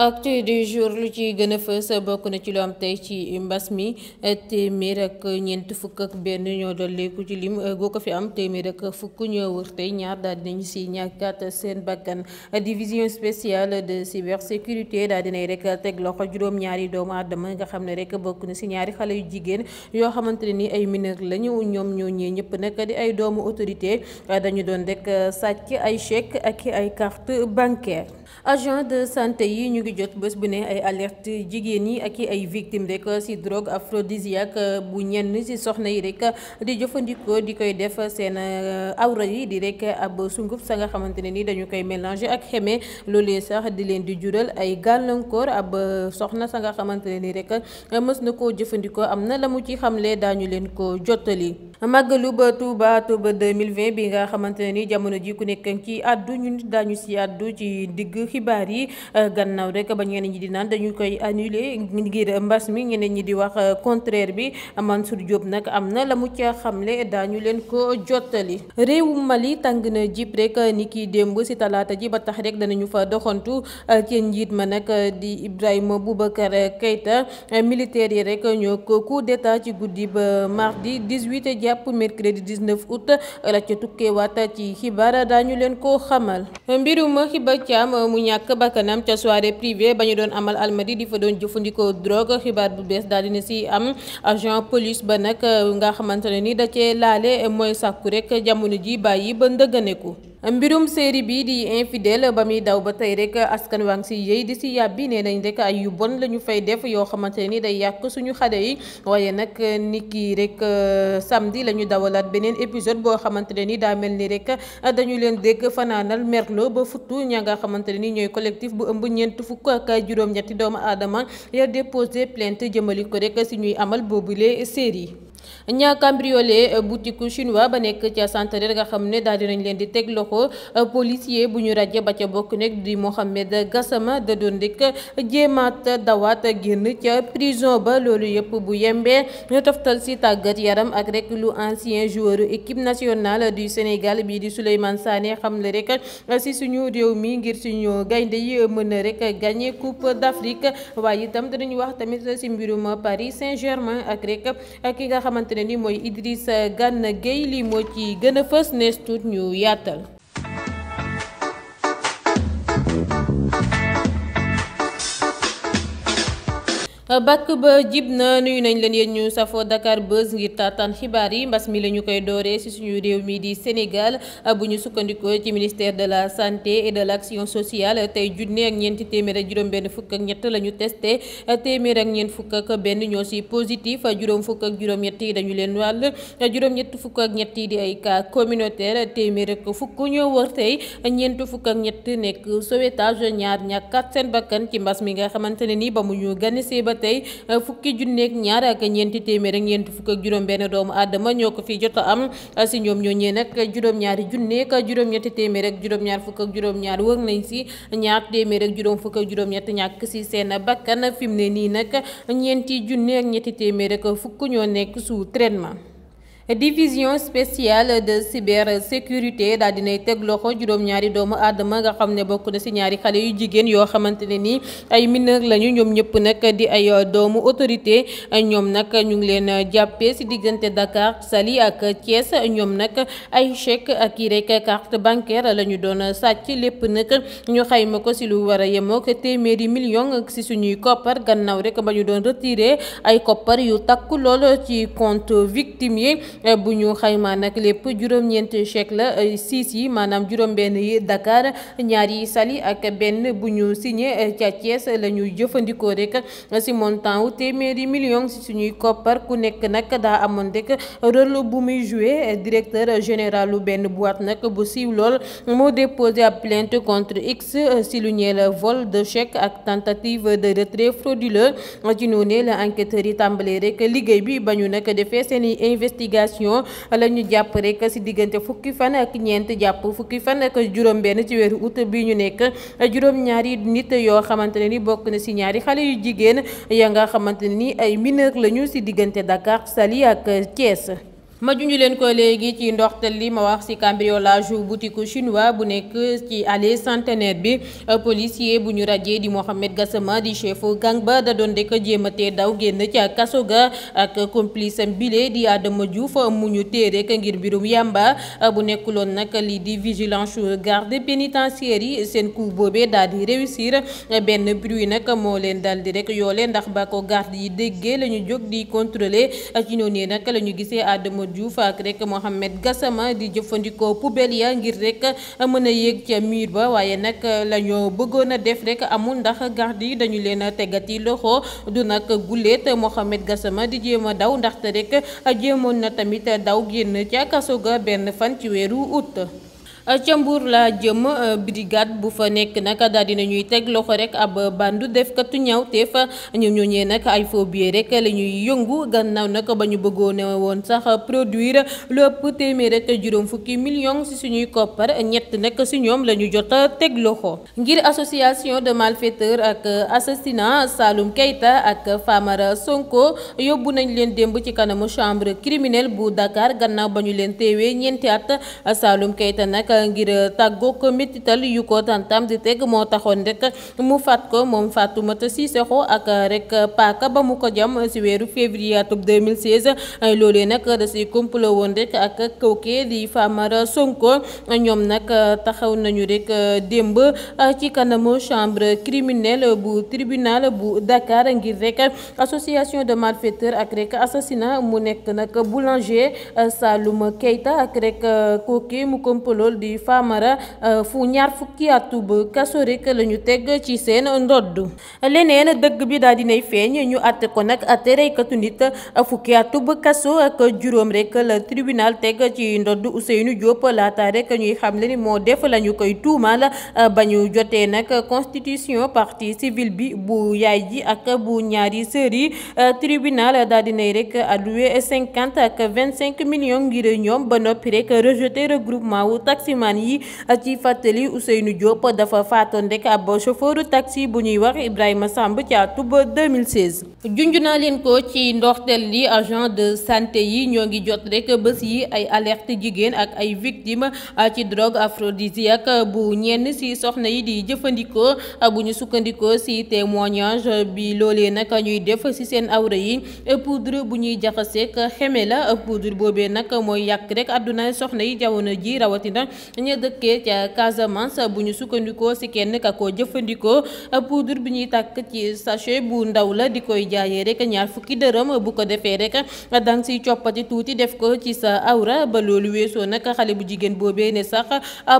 acte du jour lu ci gën a fës bokk na ci lu am tey ci mbas mi téeméer ak ñeent fukk ak benn ñoo doon dolleeku ci lim goo ko fi am téeméer ak fukk ñoo tey ñaar daal nañu si ñàkkat seen bakkan division spéciale de cybersécurité daal nay rek teg loxo juróom-ñaari doomu aadama nga xam ne rek bokk na si ñaari xale yu jigéen yoo xamante ne ni ay mineur lañu ñoom ñoo ñee ñëpp nag di ay doomu autorité dañu doon rek sàcc ay chèque ak ay carte bancaire gi jot bés bu ne ay alerte jigéen yi ak i ay victime rek si drogue aphrodisiaque bu ñenn si soxna yi rek di jëfandikoo di koy def seen euh, awra yi di rek ab sunguf sa nga xamante ne ni dañu koy mélanger ak xeme loolee sax di leen di jural ay gàllankoor ab euh, soxna sa nga xamante ne ni rek mës na koo jëfandikoo am na la mu ci xamle daañu leen ko jottali màggalu ba Touba Touba bi nga xamante ne ni jamono ji ku nekk ci àddu ñu daañu si àddu ci digg xibaar yi euh, rek ba ñeneen ñi di naan dañu koy annulé ngir mbas mi ñeneen ñi di wax euh, contraire bi Mansour Diop nag am na la mu ca xamle daañu leen ko jottali. réewu Mali tàng na jib rek euh, ni ki démb si talaata ji ba tax rek danañu fa doxantu euh, ci njiit ma nag di Ibrahima Boubacar Keïta militaire yi rek ñoo ko coup d'état ci guddi ba mardi 18 jàpp mercredi 19 août la ca tukkeewaat ci xibaar daañu leen ko xamal mbirum Hiba Thiam mu ñàkk bakkanam ca soirée privé ba ñu doon amal almadi di fa doon jëfandikoo drogue xibaar bu bees daal dina si am agent police ba nag nga xamante ne ni da cee laale mooy sàkku rek jamono ji bàyyi ba ndëgganeku mbirum série bi di infidèle ba muy daw ba tey rek askan waa ngi si yëy di si yàbbi nee nañ rek ay yu bon la ñu fay def yoo xamante ni day yàq suñu xale yi waaye nag ni kii rek euh, samedi la ñu dawalaat beneen épisode boo xamante ne ni daa mel ni rek dañu leen dégg fanaanal merlo ba futtu ña nga xamante ne ni ñooy collectif bu ëmb ñeent fukk ak juróom-ñetti doomu aadama ya déposé plainte jëmali ko rek si ñuy amal boobule série ña cambriolé euh, boutique chinois ba nekk ca Santere nga xam ne daal dinañ leen di teg loxo euh, policier bu ñu raje ba ca bokk nekk di Mohamed Gassama da doon rek jéemaat dawaat génn ca prison ba loolu yëpp bu yembee ñu toftal si tàggat yaram ak rek lu ancien joueur équipe nationale du Sénégal bii di Souleymane Sané xam le rek si euh, suñu réew mi ngir suñu gaynde yi mën na rek gagné coupe d'Afrique waaye itam dinañu wax tamit si mbirum Paris Saint-Germain ak rek ki nga xamante ne ni mooy Idrissa Gana Gueye li moo ci gën a fës nees tuut ñu yaatal. bàkk ba jib na nuyu nañ leen yéen ñu safoo Dakar Buzz ngir taataan xibaar yi mbas mi la ñu koy dooree ci suñu réew mi di Sénégal bu ñu sukkandikoo ci ministère de la santé et de l'action sociale tey junne ak ñeenti téeméer ak juróom-benn fukk ak ñett la ñu testé téeméer ak ñeent fukk ak benn ñoo ci positif juróom fukk ak juróom-ñett dañu leen wàll juróom-ñett fukk ak ñett di ay cas communautaire téeméer ak fukk ñoo wër tey ñeent fukk ak ñett nekk sauvetage ñaar ñàkkaat seen ci mbas mi nga xamante ne ni ba mu ñu tey eh, fukki junneeg ñaar ak ñeenti téeméer ak ñeenti fukk ak juróom-benn doomu aadama ñoo ko fi jot a am eh, si ñoom ñoo ñee nag juróom-ñaari junneeg juróom-ñetti téeméer ak juróom-ñaar fukk ak juróom-ñaar wër nañ si ñaar téeméer ak juróom fukk ak juróom ñàkk si seen a bakkan fi mu ne nii nag ñeenti junne ak ñetti téeméer ak fukk ñoo nekk sous traitement division spéciale de cybersécurité daal dinay teg loxo juróom-ñaari doomu aadama nga xam ne bokk na si ñaari xale yu jigéen yoo xamante ne nii ay mineur lañu ñoom ñëpp nag di ay doomu autorité ñoom nag ñu ngi leen jàppee si diggante Dakar Saly ak Thiès ñoom nag ay chèque ak yi rek carte bancaire la ñu doon sàcc lépp nag ñu xayma ko si lu war a yemook téeméeri million si suñuy koppar gannaaw rek ba ñu doon retiré ay koppar yu takk lool ci compte victime yi Eh, bu ñu xayma nag lépp juróom-ñeenti chèque la eh, siis yi maanaam juróom-benn yi Dakar ñaar yi sali ak benn bu ñu signé eh, ca Thiès la ñuy jëfandikoo rek si montant wu téeméeri million suñuy koppar ku nekk nag daa amoon rek rôle bu muy joué directeur général lu benn boîte nag bu siiw lool moo déposé ab plainte contre X si lu ñeel vol de chèque ak tentative de retrait frauduleux ci noonu la enquêteurs yi tàmbalee rek liggéey bi ba ñu defee seeni consultation la ñu jàpp rek si diggante fukki fan ak ñeent jàpp fukki fan ak juróom-benn ci weeru août bi ñu nekk juróom-ñaari nit yoo xamante ne ni bokk na si ñaari xale yu jigéen ya nga xamante ne ni ay mineur lañu si diggante Dakar Saly ak Thiès. ma junj leen ko léegi ci ndoxtal li ma wax ci cambriolage boutique chinois bu nekk ci allée santenaire bi policier bu ñu rajee di Mohamed Gassama di chef gang ba da doon rek jéematee daw génn ca kaso ga ak complice am bile di Adama Diouf mu ñu tee rek ngir mbirum yamba bu nekkuloon nag li di vigilance garde pénitentiaire yi seen coup boobee daal di réussir benn bruit nag moo leen dal di yoo yoole ndax ba ko garde yi déggee la ñu jóg di contrôler Diouf ak rek Mohamed Gassama di jëfandikoo poubelle ya ngir rekk mën a yéeg ca miir ba waaye nag lañu ñoo bëggoon a def rekk amul ndax garde yi dañu leen a tegati loxo du nag guléet Mohamed Gassama di jéem a daw ndaxte a jéemoon na tamit daw génn ca kaso benn fan ci weeru août. Euh, ca Mbour la jëm euh, brigade bu fa nekk naka daal dina ñuy teg loxo rek ab bandu defkatu ñaawteef ñoom ñooñee nag ay phobie rek la ñuy yëngu gannaaw nag ba ñu bëggoon woon sax produire lu ëpp téeméer rek juróom fukki million ci suñuy koppar ñett nag si ñoom la ñu jot teg loxo ngir association de malfaiteurs ak assassinat Saloum Keita ak Famara Sonko yóbbu nañ leen démb ci kanamu chambre criminelle bu Dakar gannaaw ba ñu leen teewee ñeenti at Saloum Keita nag ngir eh, tàggoog métital yu ko tantam di teg moo taxoon rek mu faat ko moom Fatoumata Cissokho ak eh, rek eh, paaka ba mu ko jam si weeru février atum 2016 loolee nag da si woon rek ak kooke di Famara nag taxaw nañu rek démb ci kanamu chambre criminelle bu tribunal bu Dakar ngir rek association de malfaiteurs ak rek assassinat mu nekk nag boulanger Saloum Keita ak rek kooke mu complot di Famara eh, fu ñaar fukki atub kaso rek la ñu teg ci seen ndodd leneen dëgg bi daal dinay feeñ ñu àtte ko nag àtte reykatu nit eh, fukki atub kaso ak juróom rek la tribunal teg ci ndodd Ousseynou Diop laata rek ñuy xamle ni moo def la ñu koy tuumaal eh, ba ñu jotee nag constitution partie civile bi bu yaay ji ak bu ñaari sër tribunal daal dinay rek alloué cinquante ak vingt cinq millions ngir ñoom ba noppi rek rejeté regroupement wu taxi taximan yi ci fàttali Ousseynou Diop dafa faatoon rek ab chauffeur taxi bu ñuy wax Ibrahima Samb ci atub 2016. junj naa leen ko ci ndoxteel li agent de santé yi ñoo ngi jot rek bës yi ay alerte jigéen ak ay a ci drogue aphrodisiaque bu ñenn si soxna yi di jëfandikoo bu ñu sukkandikoo si témoignage bi loole nag ñuy def si seen awra yi poudre bu ñuy jaxaseeg xeme la poudre boobee nag mooy yàq rek àdduna soxna yi jamono ji rawatina ña dëkkee ca Casamance bu ñu sukkandikoo si kenn ka koo jëfandikoo poudre bu ñuy tàkk ci sachet bu ndaw la di koy jaayee rek ñaar fukki dërëm bu ko defee rek dang siy coppati tuuti def ko ci sa awra ba loolu weesoo nag xale bu jigéen boobee ne sax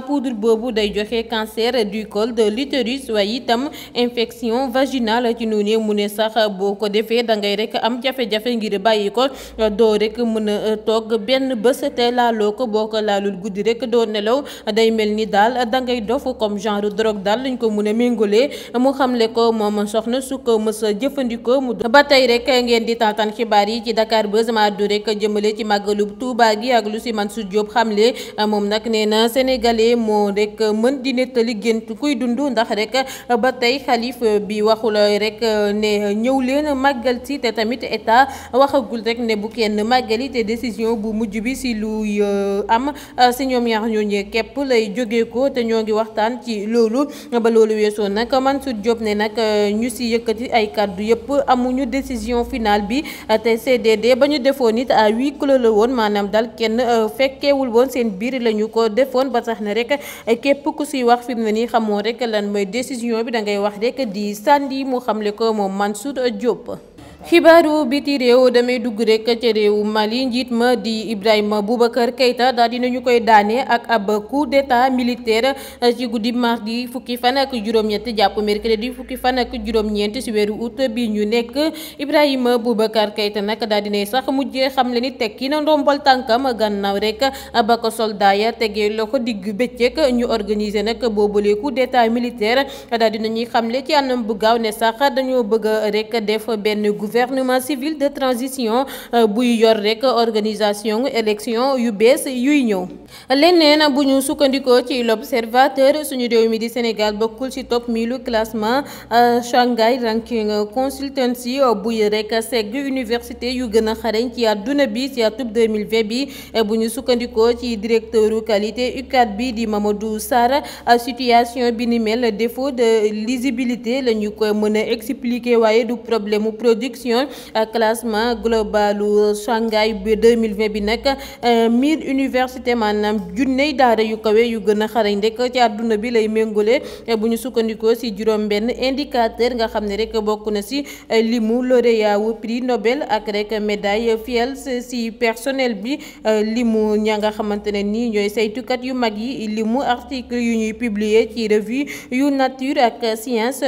poudre boobu day joxe cancer du col de l'utérus waaye itam infection vaginale ci noonu mu ne sax boo ko defee da ngay rek am jafe-jafe ngir bàyyi ko doo rek mën a benn bés te laaloo ko boo ko laalul guddi rek doo nelaw nelaw day mel ni daal dangay dof comme genre drogue daal lañ ko mun a méngolee mu xamle ko moom soxna su ko mës jëfandikoo mu ba tey rek ngeen di taataan xibaar yi ci Dakar ba ma addu rek jëmale ci màggalu Touba gi ak lu si Mansour Diop xamle moom nag nee na sénégalais moo rek mën di nettali gént kuy dund ndax rek ba tey xalif bi waxula rek ne ñëw leen màggal si te tamit état waxagul rek ne bu kenn màggali te décision bu mujj bi si luy euh, am si képp lay jógeekoo te ñoo ngi waxtaan ci loolu ba loolu weesoo nag Mansour Diop ne nag ñu si yëkkati ay kàddu yëpp amuñu décision finale bi te CDD ba ñu defoon it à wii clos la woon maanaam dal kenn euh, fekkeewul woon seen biir la ñu ko defoon ba tax na rek képp ku si wax fi mu ne nii xamoo rek lan mooy décision bi da ngay wax rek di sànni mu xamle ko moom Mansour Diop. xibaaru biti réew damay dugg rek ca réewu Mali njiit ma di Ibrahima Boubacar Keïta daal nañu koy daane ak ab coup d'état militaire ci guddi gi fukki fan ak juróom-ñett jàpp mercredi fukki fan ak juróom-ñeent ci weeru août bi ñu nekk Ibrahima Boubacar Keïta nak daal dinay sax mujjee xam le ni tekki na ndombal tànkam gannaaw rekk ba ko soldat ya tegee loxo digg bëccëg ñu organiser nag boobule coup d'état militaire daal dinañuy xamle ci anam bu gaaw ne sax dañoo bëgg rek def gouvernement civil de transition euh, buy yor rek organisation élection yu bees yuy ñëw leneen bu ñu sukkandikoo ci l'observateur suñu réew mi di Sénégal bokkul ci top 1000 classement euh, Shanghai ranking consultancy buy rek segg université yu gën a xarañ ci àdduna bi ci atub 2020 bi bu ñu sukkandikoo ci directeuru qualité UCAD bi di Mamadou Sarr euh, situation bi ni mel défaut de lisibilité la ñu koy mën a expliquer waaye du problème mu sélection classement globalu Shanghai bi 2020 bi nag euh, mille université maanaam junney daara yu kawe yu gën a xarañ rek ci àdduna bi lay méngale bu ñu sukkandikoo si juróom benn indicateur nga xam ne rek bokk na si euh, limu lauréat wu prix Nobel ak rek médaille Fields si personnel bi euh, limu ña nga xamante ne nii ñooy saytukat yu mag yi limu article yu publier ci revue yu nature ak science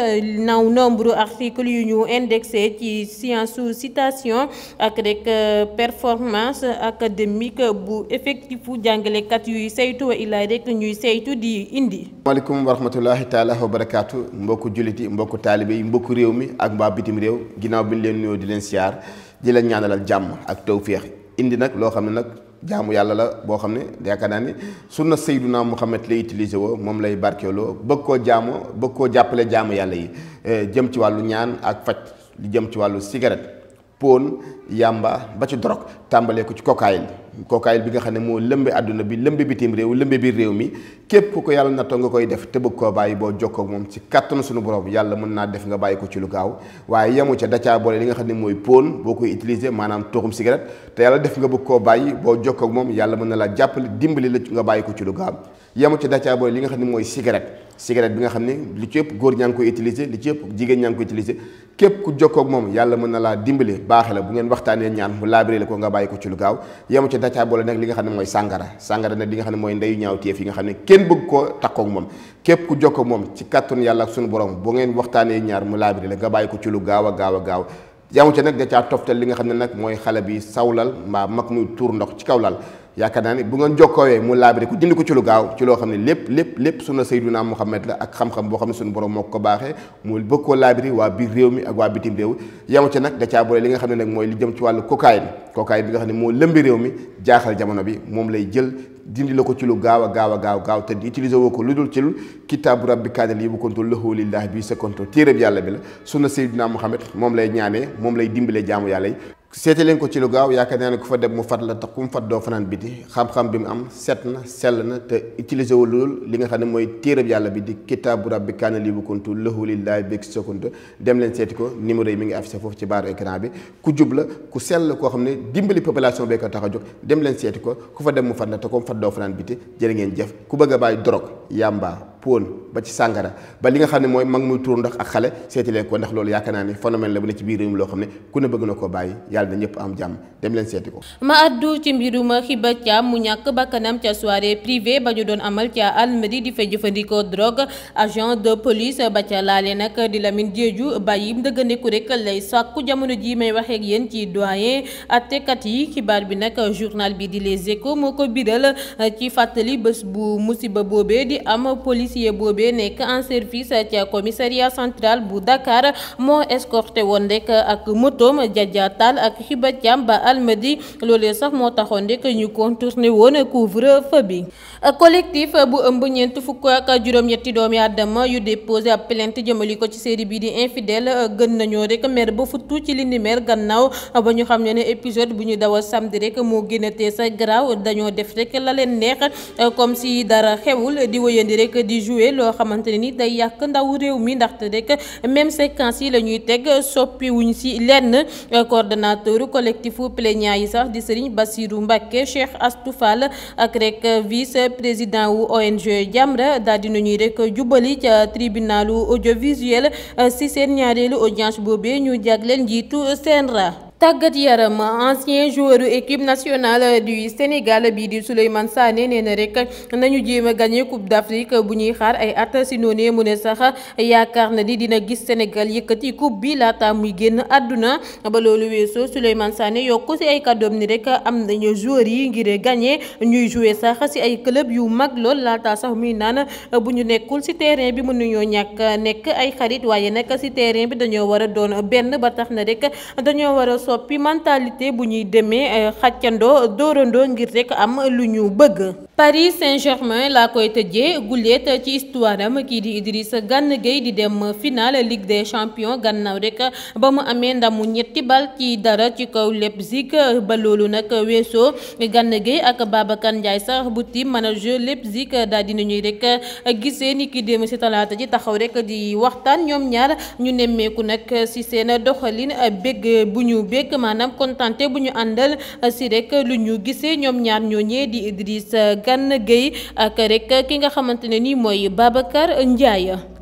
naw nombre article yu ñu indexé ci science sous citation ak rek euh, performance académique bu effectifu jàngalekat yuy saytu wa illaa rek ñuy saytu di indi. maaleykum wa rahmatulahi taala wa barakaatu mbokku jullit mbokk mbokku yi mbokku réew mi ak mbaa bitim réew ginnaaw bi ñu leen nuyoo di leen siyaar di leen ñaanalal jàmm ak tawféex indi nag loo xam ne nag. jaamu yàlla la boo xam ne yaakaar naa ni sunna naa Muhammad lay utilisé woo moom lay barkeeloo bëgg koo jaamu bëgg koo jàppale jaamu yàlla yi eh, jëm ci wàllu ñaan ak faj li jëm ci wàllu cigarette pon yamba ba ci drogue tàmbalee ko ci cocaïne cocaïne bi nga xam ne moo lëmbe àdduna bi lëmbe bitim réew lëmbe biir réew mi képp ku ko yàlla nattoo nga koy def te bëgg koo bàyyi boo jokkoo moom ci kàttanu suñu borom yàlla mën naa def nga bàyyi ko ci lu gaaw waaye yemu ca dacaa boole li nga xam ne mooy boo koy utiliser maanaam tuuxum cigarette te yàlla def nga bëgg koo bàyyi boo jokkoo moom yàlla mën na jàppale dimbali la nga bàyyi ko ci lu gaaw yemu ca dacaa boole li nga xam ne mooy cigarette cigarette bi nga xam ne li ci ëpp góor ñaa ko koy utiliser li ci ëpp jigéen ñaa ngi koy utiliser képp ku jokkoo moom yàlla mën na laa dimbale baaxe la bu ngeen waxtaanee ñaan mu laabiré la ko nga bàyyi ko ci lu gaaw yemu ci dacaa boole nag li ne mooy sàngara sàngara nga xam ne mooy ndeyu ñaaw téef ne kenn bëgg koo takkoo ak moom képp ku jokkoo ak moom ci kàttun yàlla ak suñu borom bu ngeen waxtaanee ñaar mu laabiré la nga bàyyi ko ci lu gaaw a gaaw a gaaw yamu ci nag dacaa toftal li nga xam ne nag mooy xale bi sawlal mbaa mag muy tuur ndox ci kaw kawlal yaakaar naa ne bu ngeen jokkoowee mu laabire ku dindi ko ci lu gaaw ci loo xam ne lépp lépp lépp sunna Seydina Muhammad la ak xam-xam boo xam ne suñu moo ko baaxee mu bëgg koo laabiri waa biir réew mi nag da caa boole nga xam ne nag mooy li jëm ci wàllu cocaïne cocaïne bi nga xam ne moo lëmbi réew mi jaaxal jamono bi moom lay jël dindi la ko ci lu gaaw a gaaw a gaaw gaaw te utiliser woo ko lu dul ci lu kitaabu rabbi kaadal yi bu kontu lahu lillahi bi sa kontu téereb yàlla bi la sunna Seydina Muhammad moom lay ñaame moom lay dimbalee jaamu yàlla yi seete leen ko ci lu gaaw yaakaar naa ne ku fa dem mu fat la te ku fat doo fanaan biti xam-xam bi mu am set na sell na te utilisé wu lool li nga xam ne mooy téerab yàlla bi di kitaabu rabbi kaana li wakuntu lahu lillahi bik sakuntu dem leen seeti ko numéro yi mi ngi affiché foofu ci baaru écran bi ku jub la ku sell koo xam ne dimbali population bee ko tax a jóg dem leen seeti ko ku fa dem mu fat la te ku mu fat doo fanaan biti jërë ngeen jëf ku bëgg a bàyyi drogue yàmba poon ba ci sàngara ba li nga xam ne mooy mag muy tuur ndox ak xale seeti leen ko ndax loolu yaakaar naa ne phénomène la bu ne ba ñu doon amal ca Almadi di fa jëfandikoo drogue bàyyi ndëggandiku rek lay sàkku jamono ji may waxee ak ci doyen attekat yi xibaar bi nag journal bi di Les Échos moo ko biral ci fàttali bés bu musiba boobee di am police policier boobee nekk en service ca commissariat central bu Dakar moo escorté woon rek ak motoom jaajaatal ak xiba Thiam ba almadi loolee sax moo taxoon rek ñu contourné woon couvre-feu bi. collectif bu ëmb ñeent fukk ak juróom-ñetti doomi aadama yu déposé ab plainte jëmali ko ci série bi di infidèle gën nañoo rek mer ba futtu ci li ni mer gannaaw ba ñu xam ne ne épisode bu ñu dawal samedi rek moo gën a tee sa garaaw dañoo def rek la leen neex comme si dara xewul di wëyandi rek di. day loo xamante ne ni day yàq ndaw réew mi ndaxte rek même séquence yi la ñuy teg soppi wuñ si lenn coordonnateur collectifu plaignant yi sax di Serigne basiru Mbacké Cheikh Astou Fall ak rek vice président wu ONG Jamra daal dina ñuy rek jubali ca tribunalu audiovisuel si seen ñaareelu audience boobee ñu jagleel njiitu CNRA tàggat yaram ancien joueur équipe nationale du Sénégal bii di Souleymane Sané nee na rek nañu jéem a gagné coupe d'Afrique bu ñuy xaar ay at si noonee mu ne sax yaakaar na ni dina gis Sénégal yëkkati coupe bi laata muy génn àdduna ba loolu weesoo Souleymane sanne yokku si ay kàddoom ni rek am nañu joueurs yi ngir gagné ñuy joue sax si ay club yu mag lool laata sax muy naan bu ñu nekkul si terrain bi mënuñoo ñàkk nekk ay xarit waaye nag si terrain bi dañoo war doon benn ba soppi mentalité bu ñuy demee eh, xàccandoo doorandoo ngir rekk am lu ñu bëgg. Paris Saint-Germain laa koy tëjee guléet ci histoire am kii di Idrissa Gana Gueye di dem finale Ligue des champions gannaaw rek ba mu amee ndamu ñetti bal ci dara ci kaw Leipzig ba loolu nag weesoo Gana Gueye ak Babacar Ndiaye sax bu team manager Leipzig daal di nañuy rek gisee ni ki dem ci talaata ji taxaw rek di waxtaan ñoom ñaar ñu nemmeeku nag ci seen doxalin bég bu ñu bég maanaam kontaante bu ñu àndal ci rek lu ñu gisee ñoom ñaar ñooñee di Idrissa Kane Gueye ak rek ki nga xamante ne nii mooy Babacar Ndiaye.